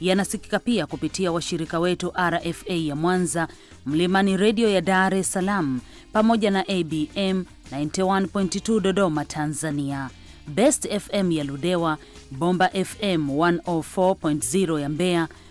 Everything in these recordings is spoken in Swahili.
yanasikika pia kupitia washirika wetu RFA ya Mwanza, Mlimani Redio ya Dar es Salaam, pamoja na ABM 91.2 Dodoma Tanzania, Best FM ya Ludewa, Bomba FM 104.0 ya Mbeya,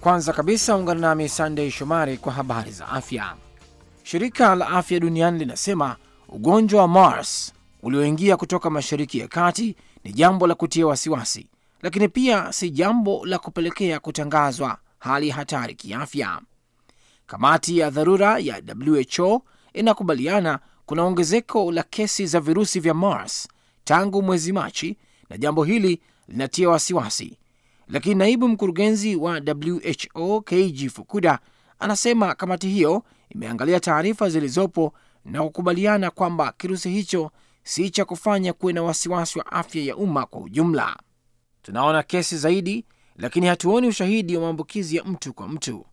Kwanza kabisa ungana nami Sandey Shomari kwa habari za afya. Shirika la Afya Duniani linasema ugonjwa wa MARS ulioingia kutoka Mashariki ya Kati ni jambo la kutia wasiwasi, lakini pia si jambo la kupelekea kutangazwa hali hatari kiafya. Kamati ya dharura ya WHO inakubaliana kuna ongezeko la kesi za virusi vya mars tangu mwezi Machi, na jambo hili linatia wasiwasi. Lakini naibu mkurugenzi wa WHO kg Fukuda anasema kamati hiyo imeangalia taarifa zilizopo na kukubaliana kwamba kirusi hicho si cha kufanya kuwe na wasiwasi wa afya ya umma kwa ujumla. Tunaona kesi zaidi, lakini hatuoni ushahidi wa maambukizi ya mtu kwa mtu,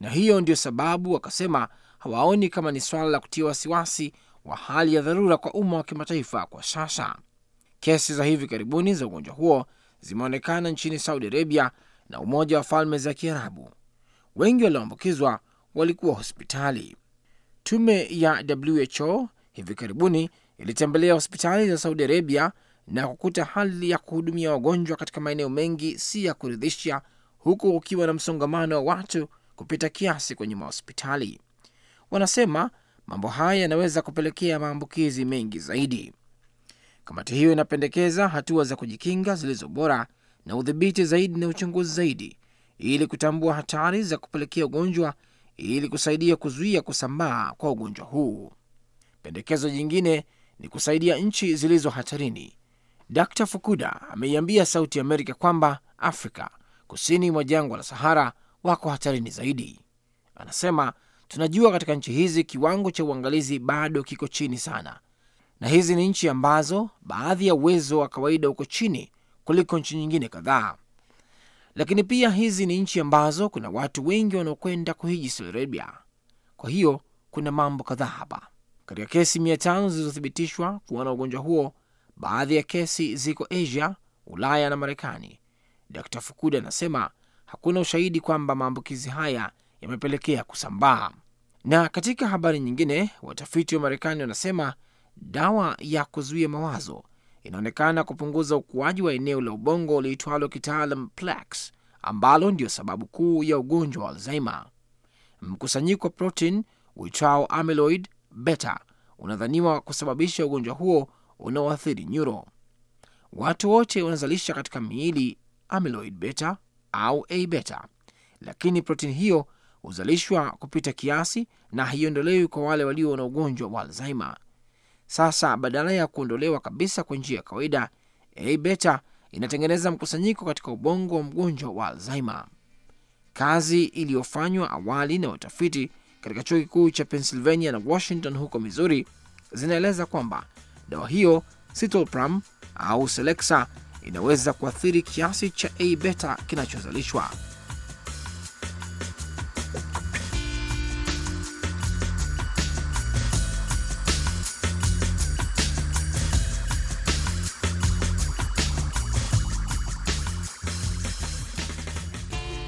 na hiyo ndio sababu wakasema hawaoni kama ni swala la kutia wasiwasi wa hali ya dharura kwa umma wa kimataifa kwa sasa. Kesi za hivi karibuni za ugonjwa huo zimeonekana nchini Saudi Arabia na Umoja wa Falme za Kiarabu. Wengi walioambukizwa walikuwa hospitali. Tume ya WHO hivi karibuni ilitembelea hospitali za Saudi Arabia na kukuta hali ya kuhudumia wagonjwa katika maeneo mengi si ya kuridhisha, huku kukiwa na msongamano wa watu kupita kiasi kwenye mahospitali. Wanasema mambo haya yanaweza kupelekea maambukizi mengi zaidi. Kamati hiyo inapendekeza hatua za kujikinga zilizo bora na udhibiti zaidi na uchunguzi zaidi, ili kutambua hatari za kupelekea ugonjwa, ili kusaidia kuzuia kusambaa kwa ugonjwa huu. Pendekezo jingine ni kusaidia nchi zilizo hatarini. Dr Fukuda ameiambia Sauti ya Amerika kwamba Afrika kusini mwa jangwa la Sahara wako hatarini zaidi. Anasema Tunajua katika nchi hizi kiwango cha uangalizi bado kiko chini sana, na hizi ni nchi ambazo baadhi ya uwezo wa kawaida uko chini kuliko nchi nyingine kadhaa. Lakini pia hizi ni nchi ambazo kuna watu wengi wanaokwenda kuhiji Saudi Arabia. Kwa hiyo kuna mambo kadhaa hapa. Katika kesi mia tano zilizothibitishwa kuwa na ugonjwa huo, baadhi ya kesi ziko Asia, Ulaya na Marekani. Dkt Fukuda anasema hakuna ushahidi kwamba maambukizi haya yamepelekea kusambaa. Na katika habari nyingine, watafiti wa Marekani wanasema dawa ya kuzuia mawazo inaonekana kupunguza ukuaji wa eneo la ubongo liitwalo kitaalam plaques, ambalo ndio sababu kuu ya ugonjwa wa Alzheimer. Mkusanyiko wa protein uitwao amyloid beta unadhaniwa kusababisha ugonjwa huo unaoathiri nyuro. Watu wote wanazalisha katika miili amyloid beta au A beta, lakini protein hiyo huzalishwa kupita kiasi na haiondolewi kwa wale walio na ugonjwa wa Alzheimer. Sasa badala ya kuondolewa kabisa kwa njia ya kawaida, A beta inatengeneza mkusanyiko katika ubongo wa mgonjwa wa Alzheimer. Kazi iliyofanywa awali na watafiti katika chuo kikuu cha Pennsylvania na Washington huko Missouri zinaeleza kwamba dawa hiyo Citalopram au selexa inaweza kuathiri kiasi cha A beta kinachozalishwa.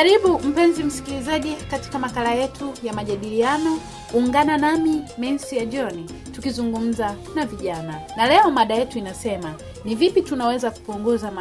Karibu mpenzi msikilizaji katika makala yetu ya majadiliano. Ungana nami Mensi ya John tukizungumza na vijana, na leo mada yetu inasema ni vipi tunaweza kupunguza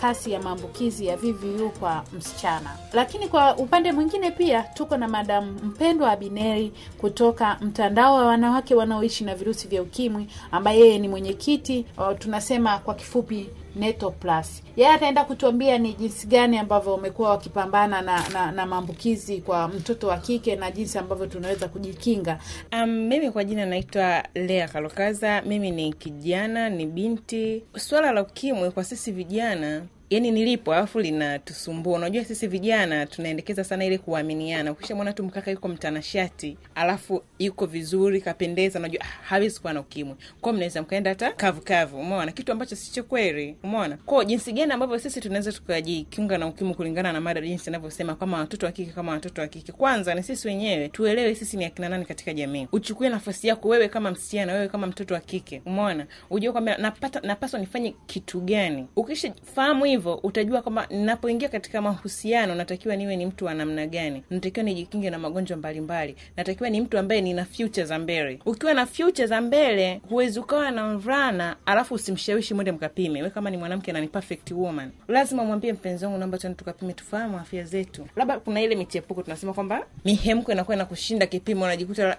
kasi ya maambukizi ya VVU kwa msichana? Lakini kwa upande mwingine pia tuko na madamu mpendwa Abineri kutoka mtandao wa wanawake wanaoishi na virusi vya ukimwi, ambaye yeye ni mwenyekiti, tunasema kwa kifupi Neto Plus. Yeye ataenda kutuambia ni jinsi gani ambavyo wamekuwa wakipambana na, na, na maambukizi kwa mtoto wa kike na jinsi ambavyo tunaweza kujikinga. Um, mimi kwa jina naitwa Lea Kalokaza. Mimi ni kijana, ni binti swala la ukimwi kwa sisi vijana yani nilipo, alafu linatusumbua. Unajua sisi vijana tunaendekeza sana ile kuaminiana. Ukisha mwana tu mkaka yuko mtanashati, alafu yuko vizuri, kapendeza, unajua ah, hawezi kuwa na ukimwi, kwao mnaweza mkaenda hata kavukavu, umeona, kitu ambacho sicho kweli, umeona. Kwao jinsi gani ambavyo sisi tunaweza tukajikinga na ukimwi kulingana na mada jinsi anavyosema kama watoto wa kike, kama watoto wa kike, kwanza ni sisi wenyewe tuelewe sisi ni akina nani katika jamii. Uchukue nafasi yako wewe kama msichana, wewe kama mtoto wa kike, umeona, ujue kwamba napata napaswa nifanye kitu gani. Ukishafahamu hivyo utajua kwamba ninapoingia katika mahusiano natakiwa niwe ni mtu wa namna gani, natakiwa nijikinge na magonjwa mbalimbali, natakiwa ni mtu ambaye nina future za mbele. Ukiwa na future za mbele, huwezi ukawa na mvulana alafu usimshawishi mwende mkapime. We kama ni mwanamke na ni perfect woman, lazima umwambie mpenzi wangu, naomba tuende tukapime, tufahamu afya zetu. Labda kuna ile michepuko tunasema kwamba mihemko inakuwa inakushinda kipimo, unajikuta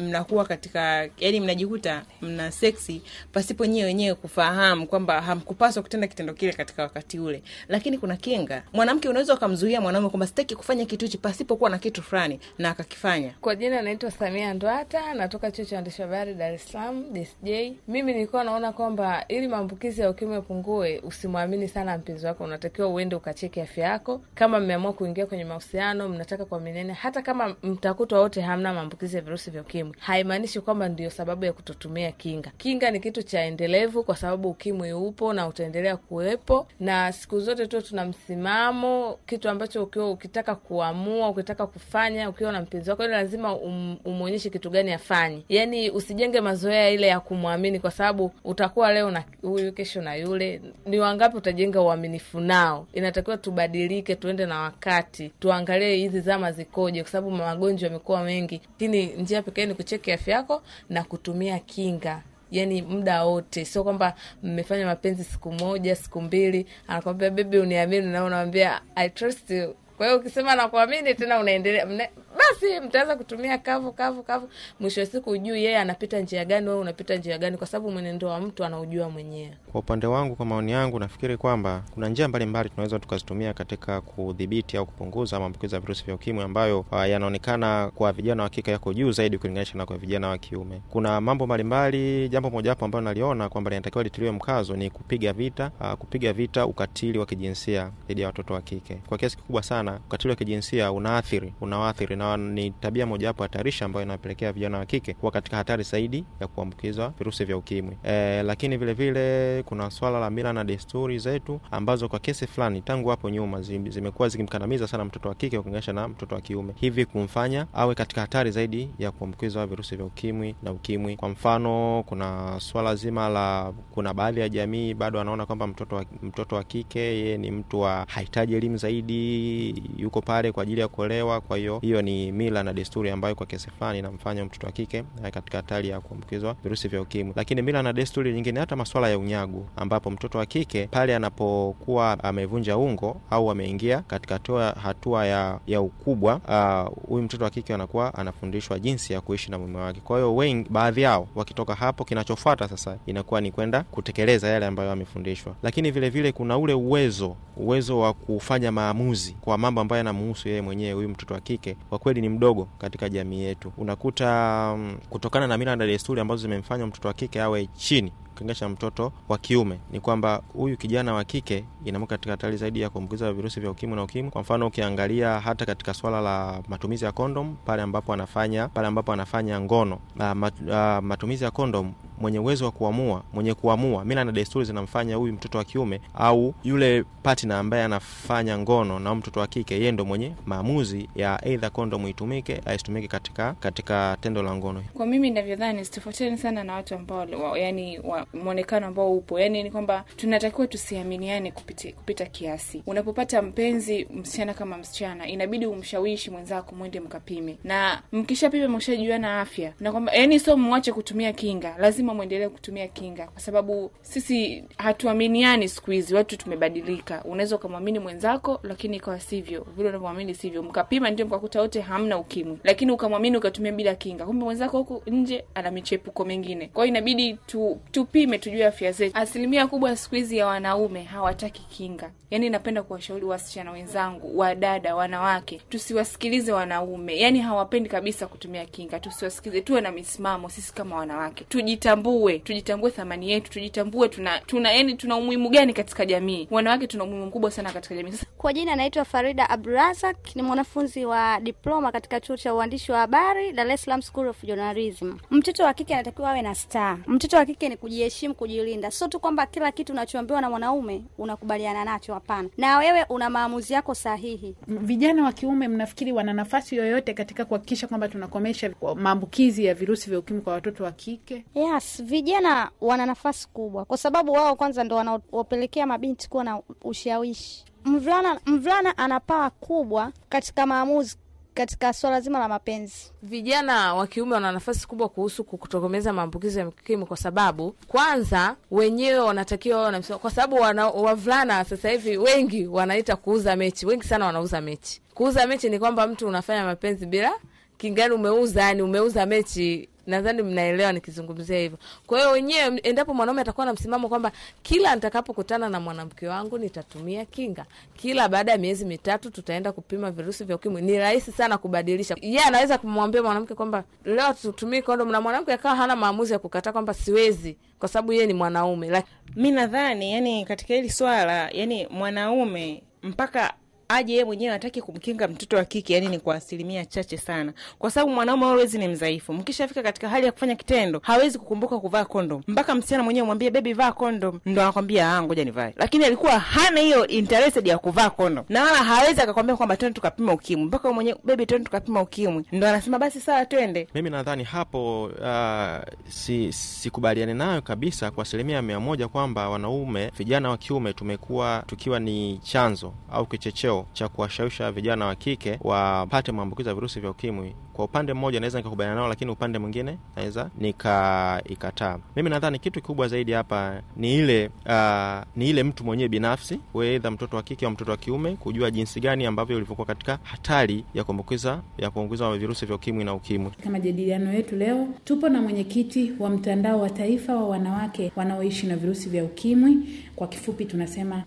mnakuwa katika, yani mnajikuta mna seksi pasipo nyiwe wenyewe kufahamu kwamba hamkupaswa kutenda kitendo kile katika wakati wakati ule, lakini kuna kinga. Mwanamke unaweza ukamzuia mwanaume kwamba sitaki kufanya kitu hichi pasipokuwa na kitu fulani, na akakifanya. Kwa jina naitwa Samia Ndwata, natoka chuo cha waandishi habari Dar es Salaam DSJ. Mimi nilikuwa naona kwamba ili maambukizi ya ukimwi yapungue, usimwamini sana mpenzi wako, unatakiwa uende ukacheki afya yako. Kama mmeamua kuingia kwenye mahusiano, mnataka kuaminiana, hata kama mtakutwa wote hamna maambukizi ya virusi vya ukimwi, haimaanishi kwamba ndio sababu ya kutotumia kinga. Kinga ni kitu cha endelevu, kwa sababu ukimwi upo na utaendelea kuwepo na siku zote tu tuna msimamo, kitu ambacho ukiwa ukitaka kuamua, ukitaka kufanya, ukiwa na mpenzi wako, ile lazima umwonyeshe kitu gani afanye. Yani usijenge mazoea ile ya kumwamini, kwa sababu utakuwa leo na huyu, kesho na yule. Ni wangapi utajenga uaminifu nao? Inatakiwa tubadilike, tuende na wakati, tuangalie hizi zama zikoje, kwa sababu magonjwa yamekuwa mengi, lakini njia pekee ni kucheki afya yako na kutumia kinga yani muda wote, sio kwamba mmefanya mapenzi siku moja siku mbili, anakwambia bebi uniamini, na unamwambia I trust you kwa hiyo ukisema nakuamini tena unaendelea mne, basi mtaweza kutumia kavu kavu kavu, mwisho wa siku ujui yeye anapita njia gani, wewe unapita njia gani, kwa sababu mwenendo wa mtu anaujua mwenyewe. Kwa upande wangu, kwa maoni yangu, nafikiri kwamba kuna njia mbalimbali tunaweza tukazitumia katika kudhibiti au kupunguza maambukizi ya virusi vya ukimwi ambayo ah, yanaonekana kwa vijana wa kike yako juu zaidi ukilinganisha na kwa vijana wa kiume. Kuna mambo mbalimbali, jambo mojawapo ambalo naliona kwamba linatakiwa litiliwe mkazo ni kupiga vita, ah, kupiga vita ukatili wa kijinsia dhidi ya watoto wa kike kwa kiasi kikubwa sana sana ukatili wa kijinsia unaathiri, unawaathiri na ni tabia mojawapo hatarishi ambayo inapelekea vijana wa kike kuwa katika hatari zaidi ya kuambukizwa virusi vya ukimwi. E, lakini vilevile vile, kuna swala la mila na desturi zetu ambazo kwa kesi fulani tangu hapo nyuma zimekuwa zikimkandamiza sana mtoto wa kike ukilinganisha na mtoto wa kiume, hivi kumfanya awe katika hatari zaidi ya kuambukizwa virusi vya ukimwi na ukimwi. Kwa mfano, kuna swala zima la, kuna baadhi ya jamii bado anaona kwamba mtoto wa, mtoto wa kike yeye ni mtu wa hahitaji elimu zaidi, yuko pale kwa ajili ya kuolewa. Kwa hiyo hiyo ni mila na desturi ambayo kwa kiasi fulani inamfanya mtoto wa kike katika hatari ya kuambukizwa virusi vya ukimwi. Lakini mila na desturi nyingine, hata masuala ya unyagu ambapo mtoto wa kike pale anapokuwa amevunja ungo au ameingia katika toa hatua ya, ya ukubwa, uh, huyu uh, mtoto wa kike anakuwa anafundishwa jinsi ya kuishi na mume wake. Kwa hiyo wengi, baadhi yao wakitoka hapo, kinachofuata sasa inakuwa ni kwenda kutekeleza yale ambayo amefundishwa. Lakini vilevile vile kuna ule uwezo uwezo wa kufanya maamuzi kwa mambo ambayo yanamhusu yeye mwenyewe huyu mtoto wa kike, kwa kweli ni mdogo katika jamii yetu. Unakuta um, kutokana na mila na desturi ambazo zimemfanya mtoto wa kike awe chini kulinganisha mtoto wa kiume, ni kwamba huyu kijana wa kike inamka katika hatari zaidi ya kuambukiza virusi vya ukimwi na ukimwi. Kwa mfano, ukiangalia hata katika swala la matumizi ya kondom pale ambapo anafanya pale ambapo anafanya ngono, uh, ah, mat, uh, ah, matumizi ya kondom mwenye uwezo wa kuamua, mwenye kuamua, mila na desturi zinamfanya huyu mtoto wa kiume au yule patna ambaye anafanya ngono na mtoto wa kike, yeye ndo mwenye maamuzi ya eidha kondomu itumike aisitumike katika katika tendo la ngono. Kwa mimi navyodhani sitofautiani sana na watu ambao wa, yani wa, mwonekano ambao upo yani ni kwamba tunatakiwa tusiaminiane kupita, kupita kiasi. Unapopata mpenzi msichana kama msichana, inabidi umshawishi mwenzako mwende mkapime, na mkishapime mkishajuana afya na kwamba yani sio mwache kutumia kinga, lazima lazima mwendelee kutumia kinga, kwa sababu sisi hatuaminiani siku hizi, watu tumebadilika. Unaweza ukamwamini mwenzako, lakini ikawa sivyo vile unavyoamini sivyo. Mkapima ndio mkakuta wote hamna ukimwi, lakini ukamwamini ukatumia bila kinga, kumbe mwenzako huku nje ana michepuko mengine. Kwa hiyo inabidi tu, tupime tujue afya zetu. Asilimia kubwa siku hizi ya wanaume hawataki kinga, yani napenda kuwashauri wasichana wenzangu, wadada, wanawake, tusiwasikilize wanaume, yani hawapendi kabisa kutumia kinga, tusiwasikilize. Tuwe na misimamo sisi kama wanawake, tujita tujitambue, tujitambue thamani yetu, tujitambue tuna tuna yani tuna umuhimu gani katika jamii. Wanawake tuna umuhimu mkubwa sana katika jamii. Sasa kwa jina anaitwa Farida Abrazak, ni mwanafunzi wa diploma katika chuo cha uandishi wa habari Dar es Salaam School of Journalism. Mtoto wa kike anatakiwa awe na star. Mtoto wa kike ni kujiheshimu, kujilinda, sio tu kwamba kila kitu unachoambiwa na mwanaume unakubaliana nacho, hapana, na wewe una maamuzi yako sahihi. Vijana wa kiume, mnafikiri wana nafasi yoyote katika kuhakikisha kwamba tunakomesha maambukizi ya virusi vya ukimwi kwa watoto wa kike? Yes yes, vijana wana nafasi kubwa, kwa sababu wao kwanza ndo wanawapelekea mabinti kuwa na ushawishi. Mvulana, mvulana ana paa kubwa katika maamuzi katika swala zima la mapenzi. Vijana wa kiume wana nafasi kubwa kuhusu kutokomeza maambukizo ya ukimwi, kwa sababu kwanza wenyewe wanatakiwa wana, kwa sababu wavulana sasa hivi wengi wanaita kuuza mechi, wengi sana wanauza mechi. Kuuza mechi ni kwamba mtu unafanya mapenzi bila kingani, yaani umeuza yani, umeuza mechi nadhani mnaelewa nikizungumzia hivyo. Kwa hiyo wenyewe, endapo mwanaume atakuwa na msimamo kwamba kila nitakapokutana na mwanamke wangu nitatumia kinga, kila baada ya miezi mitatu tutaenda kupima virusi vya ukimwi, ni rahisi sana kubadilisha. Yeye anaweza kumwambia mwanamke kwamba leo tutumii kondomu, na mwanamke akawa hana maamuzi ya kukataa kwamba siwezi, kwa sababu yeye ni mwanaume. Like, mi nadhani yani katika hili swala yani mwanaume mpaka aje yeye mwenyewe atake kumkinga mtoto wa kike, yani ni kwa asilimia chache sana, kwa sababu mwanaume always ni mdhaifu. Mkishafika katika hali ya kufanya kitendo, hawezi kukumbuka kuvaa kondom, mpaka msichana mwenyewe mwambie bebi, vaa kondom, ndo anakwambia ah, ngoja nivae, lakini alikuwa hana hiyo interested ya kuvaa kondom, na wala hawezi akakwambia kwamba twende tukapima ukimwi, mpaka mwenyewe bebi, twende tukapima ukimwi, ndo anasema basi sawa, twende. Mimi nadhani hapo uh, si sikubaliane nayo kabisa kwa asilimia mia moja kwamba wanaume, vijana wa kiume tumekuwa tukiwa ni chanzo au kichecheo cha kuwashawisha vijana wa kike wapate maambukizi ya virusi vya ukimwi kwa upande mmoja naweza nikakubaliana nao, lakini upande mwingine naweza nikaikataa. Mimi nadhani kitu kikubwa zaidi hapa ni ile uh, ni ile mtu mwenyewe binafsi, weidha mtoto wa kike au mtoto wa kiume, kujua jinsi gani ambavyo ulivyokuwa katika hatari ya kuambukiza ya kuambukizwa virusi vya ukimwi na ukimwi. Kama jadiliano yetu leo, tupo na mwenyekiti wa mtandao wa taifa wa wanawake wanaoishi na virusi vya ukimwi, kwa kifupi tunasema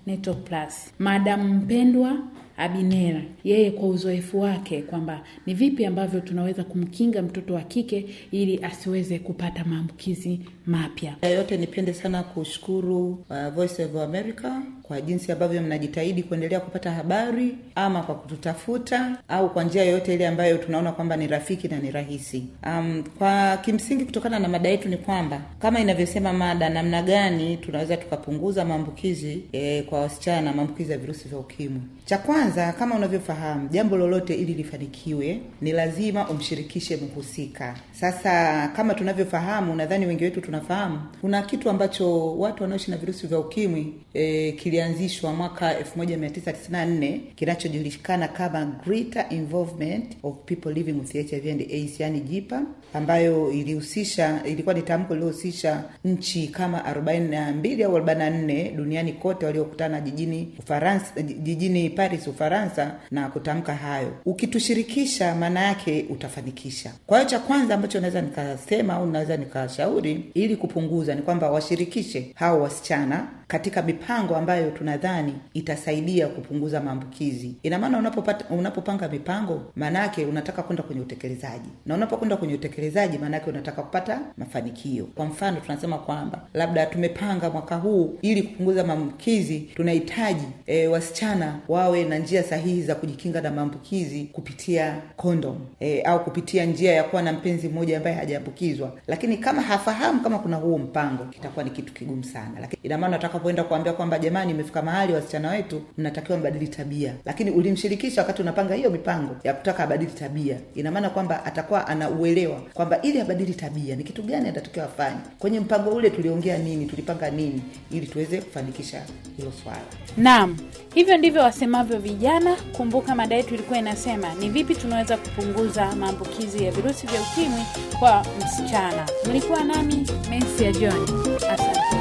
Plus, Mpendwa Abinera, yeye kwa uzoefu wake kwamba ni vipi ambavyo tunaweza kumkinga mtoto wa kike ili asiweze kupata maambukizi mapya. Yote nipende sana kushukuru uh, Voice of America kwa jinsi ambavyo mnajitahidi kuendelea kupata habari ama kwa kututafuta au kwa njia yoyote ile ambayo tunaona kwamba ni rafiki na ni rahisi. Um, kwa kimsingi kutokana na mada yetu ni kwamba kama inavyosema mada, namna gani tunaweza tukapunguza maambukizi e, kwa wasichana, maambukizi ya virusi vya ukimwi. Cha kwanza, kama unavyofahamu, jambo lolote ili lifanikiwe ni lazima umshirikishe mhusika. Sasa kama tunavyofahamu, nadhani wengi wetu tunafahamu, kuna kitu ambacho watu wanaoishi na virusi vya ukimwi e, kili kilianzishwa mwaka 1994 kinachojulikana kama Greater Involvement of People Living with HIV and AIDS, yani JIPA, ambayo ilihusisha, ilikuwa ni tamko liliohusisha nchi kama 42 au 44 duniani kote waliokutana jijini Ufaransa, jijini Paris, Ufaransa, na kutamka hayo, ukitushirikisha maana yake utafanikisha. Kwa hiyo cha kwanza ambacho naweza nikasema au naweza nikashauri ili kupunguza ni kwamba washirikishe hao wasichana katika mipango ambayo tunadhani itasaidia kupunguza maambukizi. Ina maana unapopanga mipango, maanaake unataka kwenda kwenye utekelezaji, na unapokwenda kwenye utekelezaji, maanaake unataka kupata mafanikio. Kwa mfano, tunasema kwamba labda tumepanga mwaka huu ili kupunguza maambukizi, tunahitaji e, wasichana wawe na njia sahihi za kujikinga na maambukizi kupitia kondom e, au kupitia njia ya kuwa na mpenzi mmoja ambaye hajaambukizwa, lakini kama hafahamu kama kuna huo mpango, kitakuwa ni kitu kigumu sana. Lakini ina maana kuambia kwamba jamani fulani imefika mahali wasichana wetu mnatakiwa mbadili tabia, lakini ulimshirikisha wakati unapanga hiyo mipango ya kutaka abadili tabia, ina maana kwamba atakuwa anauelewa kwamba ili abadili tabia ni kitu gani atatakiwa afanye. Kwenye mpango ule tuliongea nini, tulipanga nini ili tuweze kufanikisha hilo swala. Naam, hivyo ndivyo wasemavyo vijana. Kumbuka mada yetu ilikuwa inasema ni vipi tunaweza kupunguza maambukizi ya virusi vya ukimwi kwa msichana. Mlikuwa nami ya John, asante.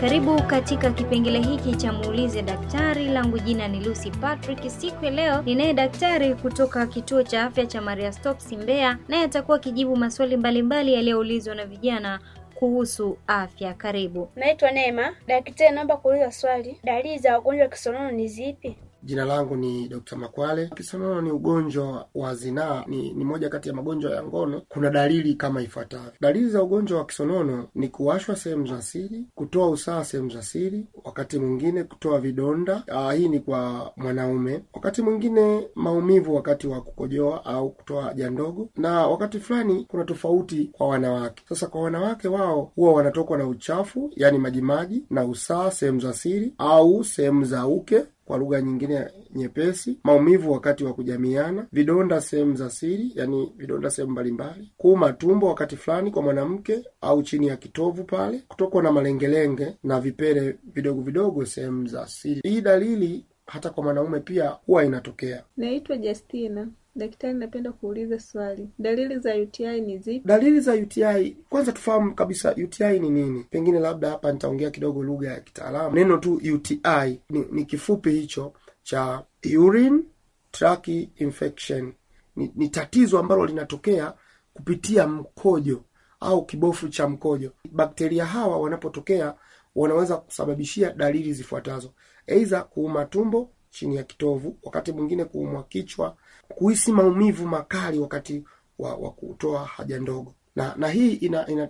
Karibu katika kipengele hiki cha muulize daktari. Langu jina ni Lucy Patrick. Siku ya leo ninaye daktari kutoka kituo cha afya cha Maria Stopes Mbeya, naye atakuwa akijibu maswali mbalimbali yaliyoulizwa na vijana kuhusu afya. Karibu. Naitwa Neema. Daktari, naomba kuuliza swali, dalili za ugonjwa wa kisonono ni zipi? Jina langu ni Dr. Makwale. Kisonono ni ugonjwa wa zinaa, ni, ni moja kati ya magonjwa ya ngono. Kuna dalili kama ifuatavyo. Dalili za ugonjwa wa kisonono ni kuwashwa sehemu za siri, kutoa usaha sehemu za siri, wakati mwingine kutoa vidonda. Aa, ah, hii ni kwa mwanaume, wakati mwingine maumivu wakati wa kukojoa au kutoa haja ndogo, na wakati fulani kuna tofauti kwa wanawake. Sasa kwa wanawake, wao huwa wanatokwa na uchafu, yani majimaji na usaha sehemu za siri au sehemu za uke kwa lugha nyingine nyepesi, maumivu wakati wa kujamiana, vidonda sehemu za siri, yani vidonda sehemu mbalimbali, kuuma tumbo wakati fulani kwa mwanamke au chini ya kitovu pale, kutokwa na malengelenge na vipele vidogo vidogo sehemu za siri. Hii dalili hata kwa mwanaume pia huwa inatokea. Naitwa Justina. Daktari, napenda kuuliza swali, dalili za UTI ni zipi? Dalili za UTI, kwanza tufahamu kabisa UTI ni nini. Pengine labda hapa nitaongea kidogo lugha ya kitaalamu. Neno tu UTI ni, ni kifupi hicho cha urine tract infection. Ni, ni tatizo ambalo linatokea kupitia mkojo au kibofu cha mkojo. Bakteria hawa wanapotokea wanaweza kusababishia dalili zifuatazo: aidha kuuma tumbo chini ya kitovu, wakati mwingine kuumwa kichwa kuhisi maumivu makali wakati wa, wa kutoa haja ndogo na, na hii inatofautiana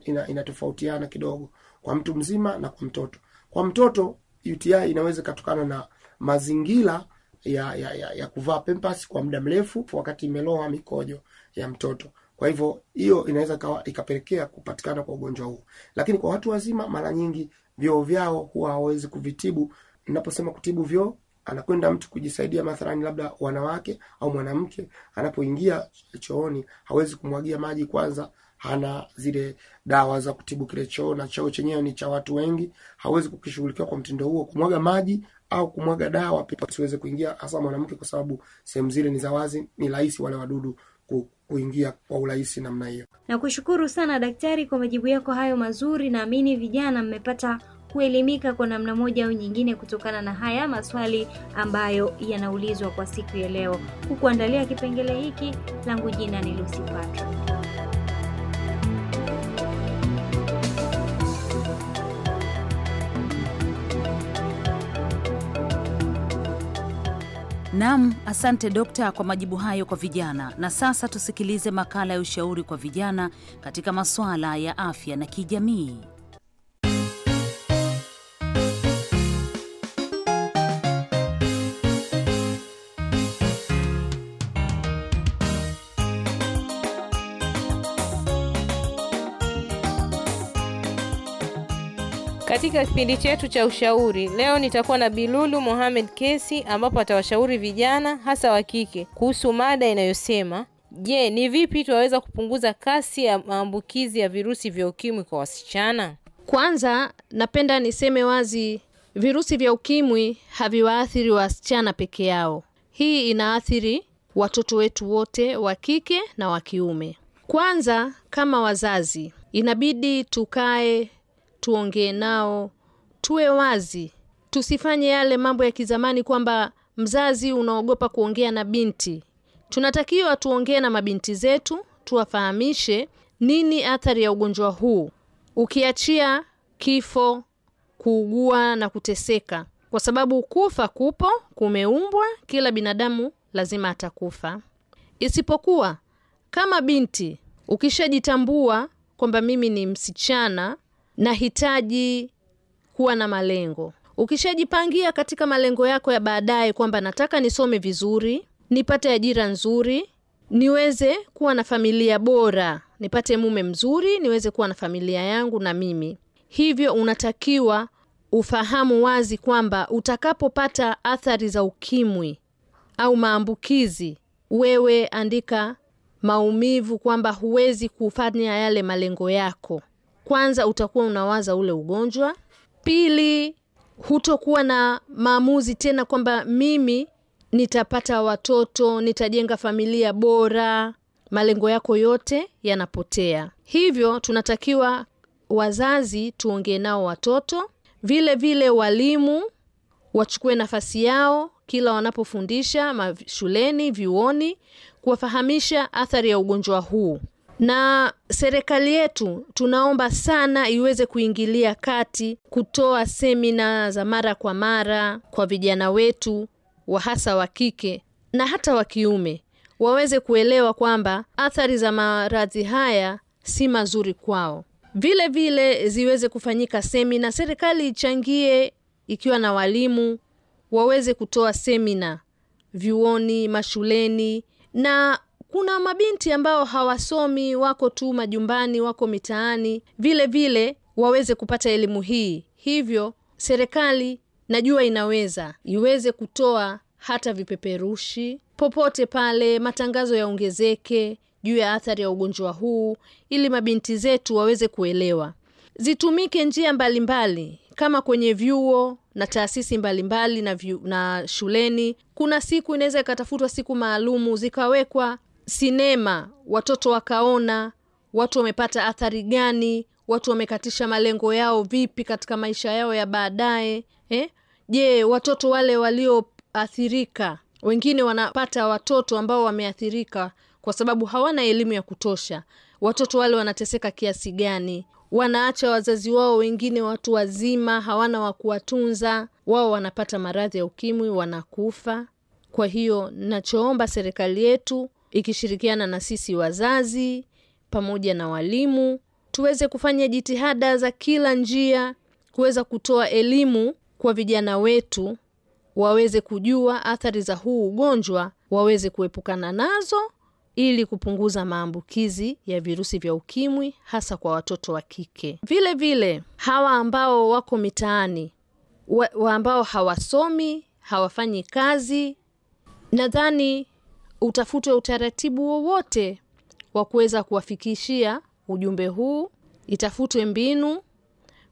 ina, ina, ina, ina kidogo kwa mtu mzima na kwa mtoto. Kwa mtoto UTI inaweza ikatokana na mazingira ya, ya, ya, ya kuvaa pempas kwa muda mrefu wakati imeloa mikojo ya mtoto. Kwa hivyo hiyo inaweza ikapelekea kupatikana kwa ugonjwa huu, lakini kwa watu wazima mara nyingi vyoo vyao huwa hawawezi kuvitibu. naposema kutibu vyoo anakwenda mtu kujisaidia, mathalani labda wanawake au mwanamke anapoingia chooni hawezi kumwagia maji kwanza hana zile dawa za kutibu kile choo na choo chenyewe ni cha watu wengi, hawezi kukishughulikiwa kwa mtindo huo, kumwaga maji au kumwaga dawa siweze kuingia, hasa mwanamke, kwa sababu sehemu zile ni za wazi, ni rahisi wale wadudu kuingia kwa urahisi namna hiyo. Nakushukuru sana daktari kwa majibu yako hayo mazuri, naamini vijana mmepata kuelimika kwa namna moja au nyingine kutokana na haya maswali ambayo yanaulizwa kwa siku ya leo. Kukuandalia kipengele hiki, langu jina ni Lucy Patrick. Nam, asante dokta kwa majibu hayo kwa vijana. Na sasa tusikilize makala ya ushauri kwa vijana katika masuala ya afya na kijamii. Katika kipindi chetu cha ushauri leo nitakuwa na Bilulu Mohamed Kesi, ambapo atawashauri vijana hasa wa kike kuhusu mada inayosema je, ni vipi twaweza kupunguza kasi ya maambukizi ya virusi vya ukimwi kwa wasichana? Kwanza napenda niseme wazi, virusi vya ukimwi haviwaathiri wasichana peke yao. Hii inaathiri watoto wetu wote wa kike na wa kiume. Kwanza kama wazazi, inabidi tukae tuongee nao, tuwe wazi, tusifanye yale mambo ya kizamani kwamba mzazi unaogopa kuongea na binti. Tunatakiwa tuongee na mabinti zetu, tuwafahamishe nini athari ya ugonjwa huu, ukiachia kifo, kuugua na kuteseka, kwa sababu kufa kupo, kumeumbwa, kila binadamu lazima atakufa, isipokuwa kama binti ukishajitambua kwamba mimi ni msichana nahitaji kuwa na malengo. Ukishajipangia katika malengo yako ya baadaye kwamba nataka nisome vizuri, nipate ajira nzuri, niweze kuwa na familia bora, nipate mume mzuri, niweze kuwa na familia yangu na mimi. Hivyo unatakiwa ufahamu wazi kwamba utakapopata athari za ukimwi au maambukizi, wewe andika maumivu kwamba huwezi kufanya yale malengo yako kwanza utakuwa unawaza ule ugonjwa, pili hutokuwa na maamuzi tena kwamba mimi nitapata watoto, nitajenga familia bora. Malengo yako yote yanapotea. Hivyo tunatakiwa wazazi tuongee nao watoto, vile vile walimu wachukue nafasi yao kila wanapofundisha mashuleni, vyuoni, kuwafahamisha athari ya ugonjwa huu na serikali yetu tunaomba sana iweze kuingilia kati, kutoa semina za mara kwa mara kwa vijana wetu wa hasa wa kike na hata wa kiume, waweze kuelewa kwamba athari za maradhi haya si mazuri kwao. Vile vile ziweze kufanyika semina, serikali ichangie ikiwa na walimu waweze kutoa semina vyuoni, mashuleni na kuna mabinti ambao hawasomi, wako tu majumbani, wako mitaani, vile vile waweze kupata elimu hii. Hivyo serikali najua inaweza iweze kutoa hata vipeperushi popote pale, matangazo yaongezeke juu ya athari ya ugonjwa huu, ili mabinti zetu waweze kuelewa. Zitumike njia mbalimbali mbali, kama kwenye vyuo na taasisi mbalimbali mbali na, na shuleni. Kuna siku inaweza ikatafutwa siku maalumu zikawekwa sinema watoto wakaona watu wamepata athari gani watu wamekatisha malengo yao vipi katika maisha yao ya baadaye eh? je watoto wale walioathirika wengine wanapata watoto ambao wameathirika kwa sababu hawana elimu ya kutosha watoto wale wanateseka kiasi gani wanaacha wazazi wao wengine watu wazima hawana wa kuwatunza wao wanapata maradhi ya ukimwi wanakufa kwa hiyo nachoomba serikali yetu ikishirikiana na sisi wazazi pamoja na walimu, tuweze kufanya jitihada za kila njia kuweza kutoa elimu kwa vijana wetu, waweze kujua athari za huu ugonjwa, waweze kuepukana nazo ili kupunguza maambukizi ya virusi vya ukimwi hasa kwa watoto wa kike. Vile vile hawa ambao wako mitaani wa, wa ambao hawasomi hawafanyi kazi, nadhani utafutwe utaratibu wowote wa kuweza kuwafikishia ujumbe huu, itafutwe mbinu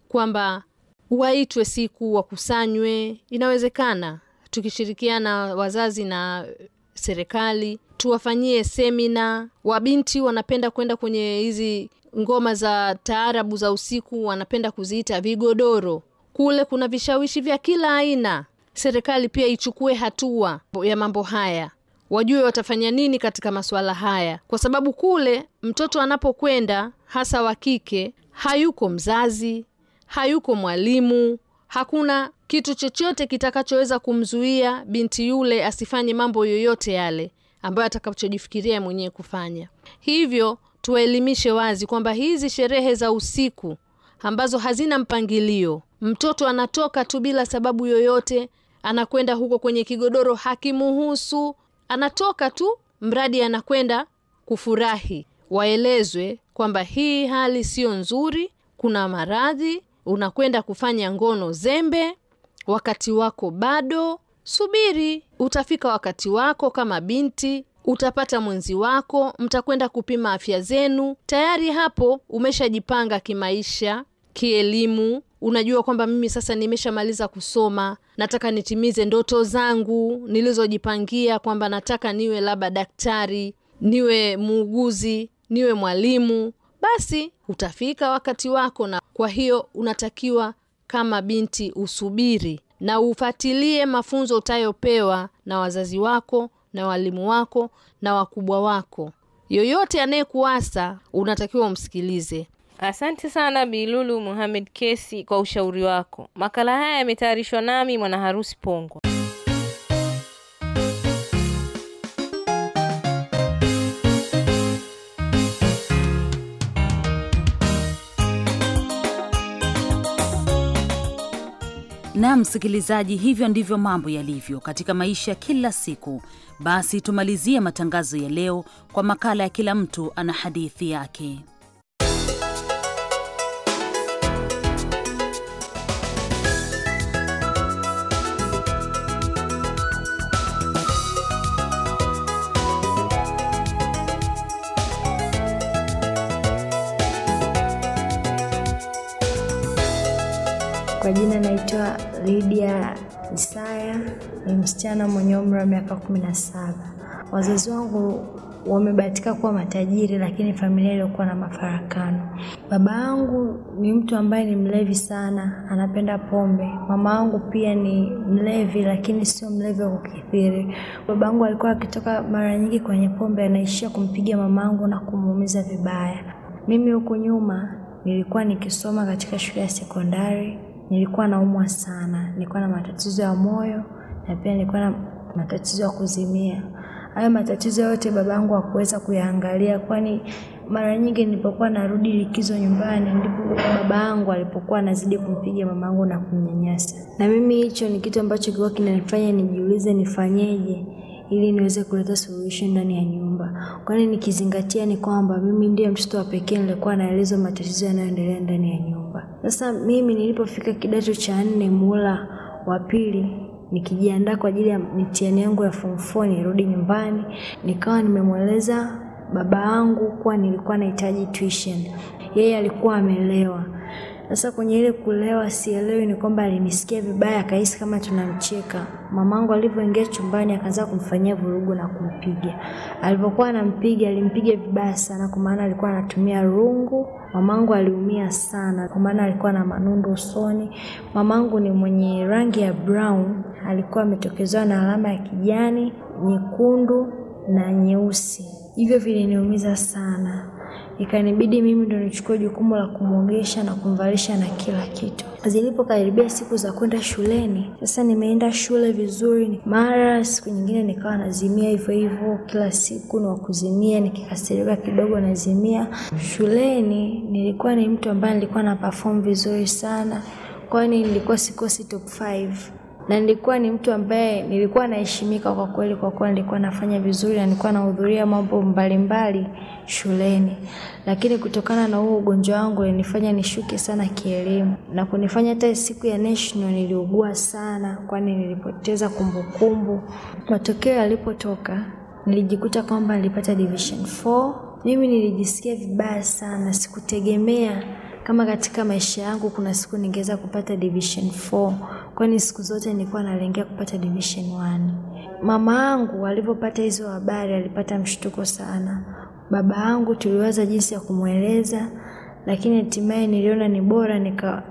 kwamba waitwe siku, wakusanywe. Inawezekana tukishirikiana wazazi na serikali tuwafanyie semina. Wabinti wanapenda kwenda kwenye hizi ngoma za taarabu za usiku, wanapenda kuziita vigodoro. Kule kuna vishawishi vya kila aina. Serikali pia ichukue hatua ya mambo haya wajue watafanya nini katika masuala haya, kwa sababu kule mtoto anapokwenda hasa wa kike, hayuko mzazi, hayuko mwalimu, hakuna kitu chochote kitakachoweza kumzuia binti yule asifanye mambo yoyote yale ambayo atakachojifikiria mwenyewe kufanya. Hivyo tuwaelimishe wazi kwamba hizi sherehe za usiku ambazo hazina mpangilio, mtoto anatoka tu bila sababu yoyote, anakwenda huko kwenye kigodoro, hakimuhusu anatoka tu, mradi anakwenda kufurahi, waelezwe kwamba hii hali siyo nzuri, kuna maradhi, unakwenda kufanya ngono zembe, wakati wako bado, subiri, utafika wakati wako. Kama binti utapata mwenzi wako, mtakwenda kupima afya zenu. Tayari hapo umeshajipanga kimaisha, kielimu unajua kwamba mimi sasa nimeshamaliza kusoma, nataka nitimize ndoto zangu nilizojipangia kwamba nataka niwe labda daktari, niwe muuguzi, niwe mwalimu, basi utafika wakati wako. Na kwa hiyo unatakiwa kama binti usubiri na ufatilie mafunzo utayopewa na wazazi wako na walimu wako na wakubwa wako. Yoyote anayekuasa unatakiwa umsikilize. Asante sana Bilulu muhamed Kesi kwa ushauri wako. Makala haya yametayarishwa nami Mwanaharusi pongo Na msikilizaji, hivyo ndivyo mambo yalivyo katika maisha kila siku. Basi tumalizie matangazo ya leo kwa makala ya kila mtu ana hadithi yake. Lydia Isaya ni msichana mwenye umri wa miaka kumi na saba. Wazazi wangu wamebahatika kuwa matajiri, lakini familia ilikuwa na mafarakano. Baba yangu ni mtu ambaye ni mlevi sana, anapenda pombe. Mama yangu pia ni mlevi, lakini sio mlevi wa kukithiri. Baba yangu alikuwa akitoka mara nyingi kwenye pombe, anaishia kumpiga mama yangu na kumuumiza vibaya. Mimi huku nyuma nilikuwa nikisoma katika shule ya sekondari nilikuwa naumwa sana, nilikuwa na matatizo ya moyo na pia nilikuwa na matatizo ya kuzimia. Hayo matatizo yote babangu hakuweza kuyaangalia, kwani mara nyingi nilipokuwa narudi likizo nyumbani ndipo baba yangu alipokuwa anazidi kumpiga mamangu na kumnyanyasa, na mimi hicho ni kitu ambacho kilikuwa kinanifanya nijiulize nifanyeje ili niweze kuleta suluhisho ndani ya nyumba kwani nikizingatia ni kwamba mimi ndiye mtoto wa pekee nilikuwa naelezwa matatizo yanayoendelea ndani ya nyumba sasa mimi nilipofika kidato cha nne muhula wa pili nikijiandaa kwa ajili ya mitihani yangu ya form 4 nirudi nyumbani nikawa nimemweleza baba yangu kuwa nilikuwa nahitaji tuition yeye alikuwa amelewa sasa kwenye ile kulewa sielewi, ni kwamba alinisikia vibaya akahisi kama tunamcheka. Mamangu alivyoingia chumbani akaanza kumfanyia vurugu na kumpiga. Alivyokuwa anampiga alimpiga vibaya sana, kwa maana alikuwa anatumia rungu. Mamangu aliumia sana, kwa maana alikuwa na manundu usoni. Mamangu ni mwenye rangi ya brown, alikuwa ametokezewa na alama ya kijani, nyekundu na nyeusi. Hivyo viliniumiza sana ikanibidi mimi ndo nichukue jukumu la kumwogesha na kumvalisha na kila kitu. Zilipokaribia siku za kwenda shuleni, sasa nimeenda shule vizuri, mara siku nyingine nikawa nazimia hivyo hivyo, kila siku ni wakuzimia, nikikasirika kidogo nazimia. Shuleni nilikuwa ni mtu ambaye nilikuwa na perform vizuri sana, kwani nilikuwa sikosi top 5 na nilikuwa ni mtu ambaye nilikuwa naheshimika kwa kweli, kwa kuwa nilikuwa nafanya vizuri na nilikuwa nahudhuria mambo mbalimbali shuleni, lakini kutokana na huo ugonjwa wangu ulinifanya nishuke sana kielimu na kunifanya hata siku ya national niliugua sana, kwani nilipoteza kumbukumbu. Matokeo yalipotoka, nilijikuta kwamba nilipata division 4. Mimi nilijisikia vibaya sana, sikutegemea kama katika maisha yangu kuna siku ningeweza kupata division kwani siku zote nilikuwa nalengea kupata division one. Mama yangu alipopata hizo habari alipata mshtuko sana. Baba yangu tuliwaza jinsi ya kumweleza, lakini hatimaye niliona ni bora nika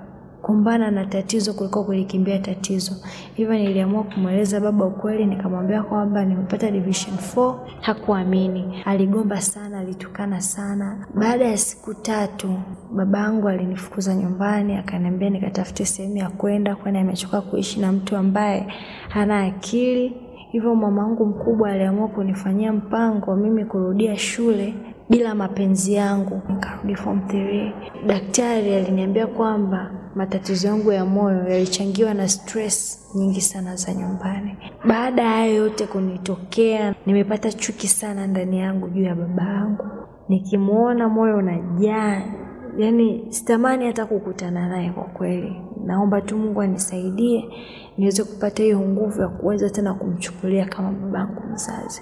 kukumbana na tatizo kuliko kulikimbia tatizo. Hivyo niliamua kumweleza baba ukweli, nikamwambia kwamba nimepata division 4. Hakuamini, aligomba sana, alitukana sana. Baada ya siku tatu baba yangu alinifukuza nyumbani, akaniambia nikatafute sehemu ya kwenda, kwani amechoka kuishi na mtu ambaye hana akili. Hivyo mamangu mkubwa aliamua kunifanyia mpango mimi kurudia shule bila mapenzi yangu. Nikarudi form 3. Daktari aliniambia kwamba matatizo yangu ya moyo yalichangiwa na stress nyingi sana za nyumbani. Baada ya hayo yote kunitokea, nimepata chuki sana ndani yangu juu ya baba yangu. Nikimwona moyo unajaa, yani sitamani hata kukutana naye kwa kweli. Naomba tu Mungu anisaidie niweze kupata hiyo nguvu ya kuweza tena kumchukulia kama babangu mzazi.